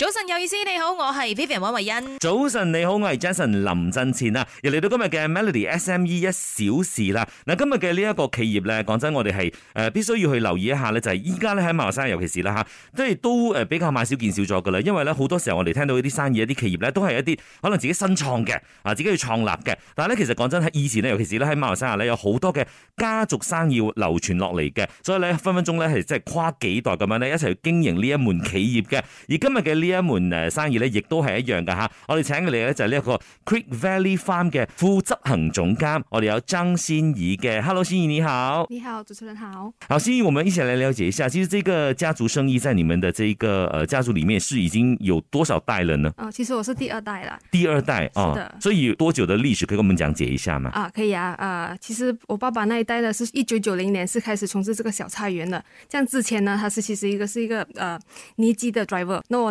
早晨有意思，你好，我係 Vivian 溫慧欣。早晨你好，我係 Jason 林振前啊，又嚟到今日嘅 Melody SME 一小時啦。嗱，今日嘅呢一個企業咧，講真，我哋係誒必須要去留意一下咧，就係依家咧喺馬來西亞，尤其是啦吓，即係都誒比較買少見少咗噶啦。因為咧好多時候我哋聽到一啲生意、一啲企業咧，都係一啲可能自己新創嘅啊，自己去創立嘅。但係咧，其實講真喺以前咧，尤其是咧喺馬來西亞啊，有好多嘅家族生意流傳落嚟嘅，所以咧分分鐘咧係即係跨幾代咁樣咧一齊去經營呢一門企業嘅。而今日嘅呢。呢一門的生意呢，亦都是一樣的哈我哋請你嚟就係呢一、這個 Creek Valley Farm 嘅副執行總監。我哋有張欣怡嘅，Hello 欣怡你好，你好主持人好。好欣怡，我們一起來了解一下。其實這個家族生意在你們的這一個、呃、家族裏面是已經有多少代了呢？呃、其實我是第二代了第二代啊，呃、是的所以有多久的歷史可以跟我們講解一下嗎？啊、呃，可以啊。啊、呃，其實我爸爸那一代呢，是一九九零年是開始從事這個小菜園的像之前呢，他是其實一個是一個誒泥機的 driver。咁我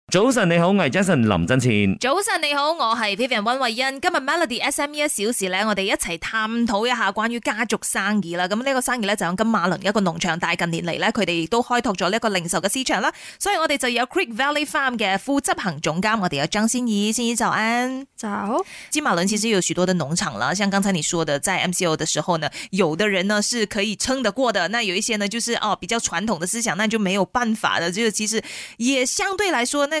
早晨你好，我係 Jason 林振前。早晨你好，我係 Vivian 溫慧欣。今日 Melody S M E 一小時咧，我哋一齊探討一下關於家族生意啦。咁呢個生意咧就喺金馬倫一個農場，但近年嚟咧，佢哋亦都開拓咗呢一個零售嘅市場啦。所以我哋就有 Creek Valley Farm 嘅副執行總監，我哋有張先怡，先怡早安。早，金馬倫其實有許多嘅農場啦，像剛才你說的，在 M C O 嘅時候呢，有的人呢是可以撐得過的，那有一些呢就是哦比較傳統的思想，那就沒有辦法的，就其實也相對來說呢。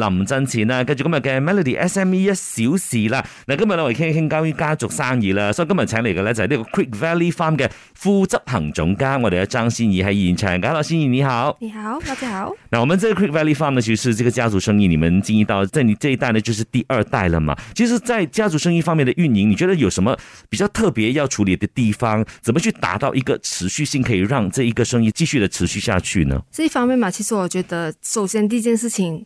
林真錢呢，跟住今日嘅 Melody SME 一小時啦。嗱，今日我哋傾一傾關於家族生意啦。所以今日請嚟嘅咧就係呢個 Quick Valley Farm 嘅副執行總監，我哋嘅張欣怡喺現場。Hello 欣怡，你好！你好，大家好。嗱，我們呢個 Quick Valley Farm 呢，其實就是這個家族生意。你們進入到在你這一代呢，就是第二代了嘛。其實，在家族生意方面的運營，你覺得有什麼比較特別要處理的地方？怎麼去達到一個持續性，可以讓這一個生意繼續的持續下去呢？呢一方面嘛，其實我覺得，首先第一件事情。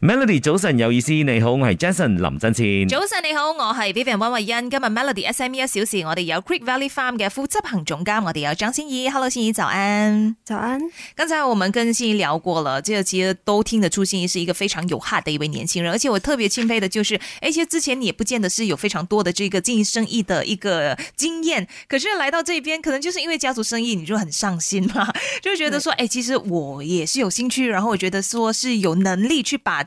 Melody 早晨，有意思，你好，我是 Jason 林振千。早晨，你好，我是 Vivian 溫慧欣。今日 Melody S M E 一小時，我哋有 Creek Valley Farm 嘅副執行總監，我哋有張欣怡。Hello 欣怡，早安，早安。剛才我們跟欣怡聊過了，即係其實都聽得出，欣怡是一個非常有 heart 嘅一位年輕人，而且我特別欽佩的就是、哎，其實之前你也不見得是有非常多的這個經營生意嘅一個經驗，可是來到這邊，可能就是因為家族生意，你就很上心嘛就覺得說，誒、哎，其實我也是有興趣，然後我覺得說是有能力去把。